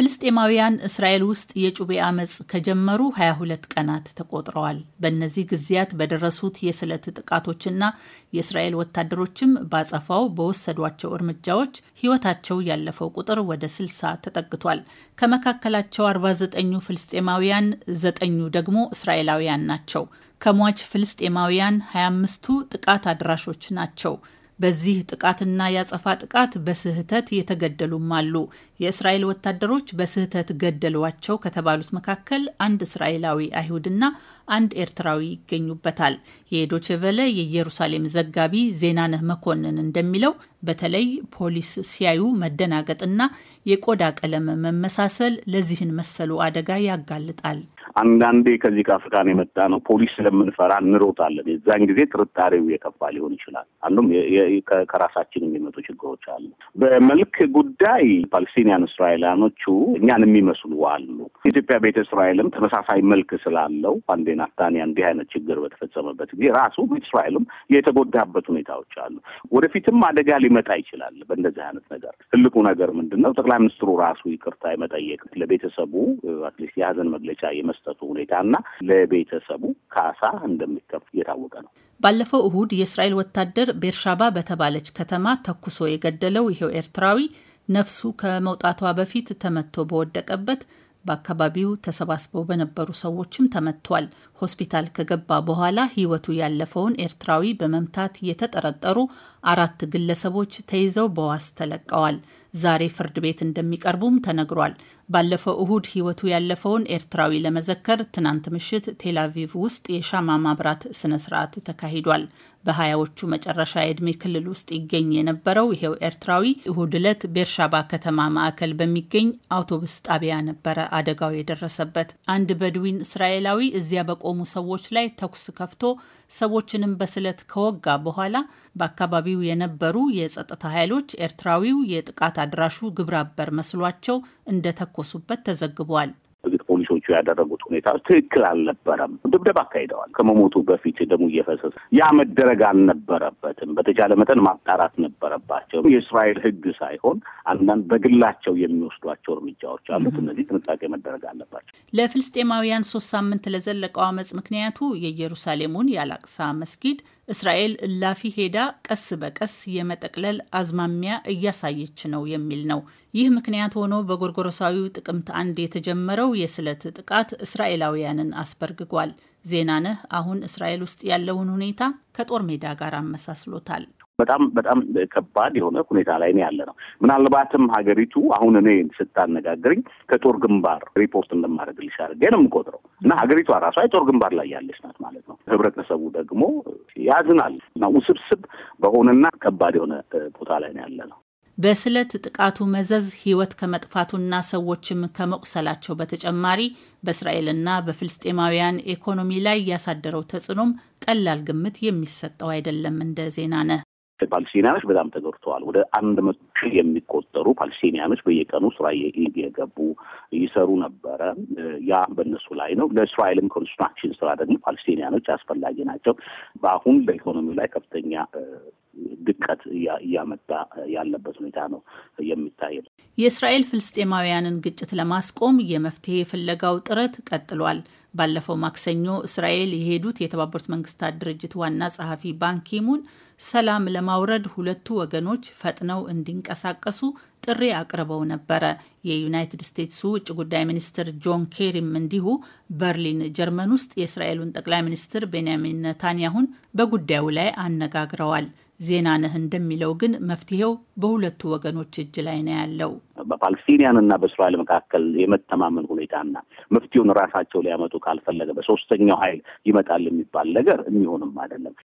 ፍልስጤማውያን እስራኤል ውስጥ የጩቤ አመፅ ከጀመሩ 22 ቀናት ተቆጥረዋል። በእነዚህ ጊዜያት በደረሱት የስለት ጥቃቶችና የእስራኤል ወታደሮችም ባጸፋው በወሰዷቸው እርምጃዎች ሕይወታቸው ያለፈው ቁጥር ወደ 60 ተጠግቷል። ከመካከላቸው 49ኙ ፍልስጤማውያን፣ ዘጠኙ ደግሞ እስራኤላውያን ናቸው። ከሟች ፍልስጤማውያን 25ቱ ጥቃት አድራሾች ናቸው። በዚህ ጥቃትና ያጸፋ ጥቃት በስህተት የተገደሉም አሉ። የእስራኤል ወታደሮች በስህተት ገደሏቸው ከተባሉት መካከል አንድ እስራኤላዊ አይሁድና አንድ ኤርትራዊ ይገኙበታል። የዶችቨለ የኢየሩሳሌም ዘጋቢ ዜናነህ መኮንን እንደሚለው በተለይ ፖሊስ ሲያዩ መደናገጥና የቆዳ ቀለም መመሳሰል ለዚህን መሰሉ አደጋ ያጋልጣል። አንዳንዴ ከዚህ ከአፍሪካን የመጣ ነው ፖሊስ ስለምንፈራ እንሮጣለን። የዛን ጊዜ ጥርጣሬው የከፋ ሊሆን ይችላል። አንዱም ከራሳችን የሚመጡ ችግሮች አሉ። በመልክ ጉዳይ ፓለስቲንያን እስራኤላኖቹ እኛን የሚመስሉ አሉ። ኢትዮጵያ ቤተ እስራኤልም ተመሳሳይ መልክ ስላለው አንዴ ናታንያ እንዲህ አይነት ችግር በተፈጸመበት ጊዜ ራሱ ቤተ እስራኤልም የተጎዳበት ሁኔታዎች አሉ። ወደፊትም አደጋ ሊመጣ ይችላል። በእንደዚህ አይነት ነገር ትልቁ ነገር ምንድን ነው? ጠቅላይ ሚኒስትሩ ራሱ ይቅርታ የመጠየቅ ለቤተሰቡ አትሊስት የሀዘን መግለጫ የመስጠት የመከሰቱ ሁኔታና ለቤተሰቡ ካሳ እንደሚከፍል እየታወቀ ነው። ባለፈው እሁድ የእስራኤል ወታደር ቤርሻባ በተባለች ከተማ ተኩሶ የገደለው ይሄው ኤርትራዊ ነፍሱ ከመውጣቷ በፊት ተመቶ በወደቀበት በአካባቢው ተሰባስበው በነበሩ ሰዎችም ተመቷል። ሆስፒታል ከገባ በኋላ ሕይወቱ ያለፈውን ኤርትራዊ በመምታት የተጠረጠሩ አራት ግለሰቦች ተይዘው በዋስ ተለቀዋል። ዛሬ ፍርድ ቤት እንደሚቀርቡም ተነግሯል። ባለፈው እሁድ ሕይወቱ ያለፈውን ኤርትራዊ ለመዘከር ትናንት ምሽት ቴላቪቭ ውስጥ የሻማ ማብራት ስነ ስርዓት ተካሂዷል። በሀያዎቹ መጨረሻ የዕድሜ ክልል ውስጥ ይገኝ የነበረው ይሄው ኤርትራዊ እሁድ ዕለት ቤርሻባ ከተማ ማዕከል በሚገኝ አውቶቡስ ጣቢያ ነበረ አደጋው የደረሰበት። አንድ በድዊን እስራኤላዊ እዚያ በቆሙ ሰዎች ላይ ተኩስ ከፍቶ ሰዎችንም በስለት ከወጋ በኋላ በአካባቢው የነበሩ የጸጥታ ኃይሎች ኤርትራዊው የጥቃት አድራሹ ግብረአበር መስሏቸው እንደተኮሱበት ተዘግቧል። ያደረጉት ሁኔታ ትክክል አልነበረም። ድብደባ አካሂደዋል። ከመሞቱ በፊት ደግሞ እየፈሰሰ ያ መደረግ አልነበረበትም። በተቻለ መጠን ማጣራት ነበረባቸው። የእስራኤል ሕግ ሳይሆን አንዳንድ በግላቸው የሚወስዷቸው እርምጃዎች አሉት። እነዚህ ጥንቃቄ መደረግ አለባቸው። ለፍልስጤማውያን ሶስት ሳምንት ለዘለቀው አመፅ ምክንያቱ የኢየሩሳሌሙን የአላቅሳ መስጊድ እስራኤል እላፊ ሄዳ ቀስ በቀስ የመጠቅለል አዝማሚያ እያሳየች ነው የሚል ነው። ይህ ምክንያት ሆኖ በጎርጎሮሳዊው ጥቅምት አንድ የተጀመረው የስለት ጥቃት እስራኤላውያንን አስበርግጓል። ዜናነህ አሁን እስራኤል ውስጥ ያለውን ሁኔታ ከጦር ሜዳ ጋር አመሳስሎታል። በጣም በጣም ከባድ የሆነ ሁኔታ ላይ ነው ያለ ነው። ምናልባትም ሀገሪቱ አሁን እኔ ስታነጋግርኝ ከጦር ግንባር ሪፖርት እንደማደርግልሽ አድርጌ ነው የምቆጥረው እና ሀገሪቷ ራሷ የጦር ግንባር ላይ ያለች ናት ማለት ነው። ህብረተሰቡ ደግሞ ያዝናል እና ውስብስብ በሆነና ከባድ የሆነ ቦታ ላይ ነው ያለ ነው። በስለት ጥቃቱ መዘዝ ህይወት ከመጥፋቱና ሰዎችም ከመቁሰላቸው በተጨማሪ በእስራኤልና በፍልስጤማውያን ኢኮኖሚ ላይ ያሳደረው ተጽዕኖም ቀላል ግምት የሚሰጠው አይደለም። እንደ ዜና ነህ ፓለስቲኒያኖች በጣም ተገርተዋል። ወደ አንድ መቶ ሺህ የሚቆጠሩ ፓለስቲኒያኖች በየቀኑ ስራ እየገቡ ይሰሩ ነበረ። ያ በእነሱ ላይ ነው። ለእስራኤልም ኮንስትራክሽን ስራ ደግሞ ፓለስቲኒያኖች አስፈላጊ ናቸው። በአሁን በኢኮኖሚው ላይ ከፍተኛ ድቀት እያመጣ ያለበት ሁኔታ ነው የሚታየው። የእስራኤል ፍልስጤማውያንን ግጭት ለማስቆም የመፍትሄ ፍለጋው ጥረት ቀጥሏል። ባለፈው ማክሰኞ እስራኤል የሄዱት የተባበሩት መንግስታት ድርጅት ዋና ጸሐፊ ባንኪሙን ሰላም ለማውረድ ሁለቱ ወገኖች ፈጥነው እንዲንቀሳቀሱ ጥሪ አቅርበው ነበረ። የዩናይትድ ስቴትሱ ውጭ ጉዳይ ሚኒስትር ጆን ኬሪም እንዲሁ በርሊን ጀርመን ውስጥ የእስራኤሉን ጠቅላይ ሚኒስትር ቤንያሚን ነታንያሁን በጉዳዩ ላይ አነጋግረዋል። ዜና ነህ እንደሚለው ግን መፍትሄው በሁለቱ ወገኖች እጅ ላይ ነው ያለው። በፓለስቲኒያን እና በእስራኤል መካከል የመተማመን ሁኔታና መፍትሄውን ራሳቸው ሊያመጡ ካልፈለገ በሶስተኛው ኃይል ይመጣል የሚባል ነገር የሚሆንም አይደለም።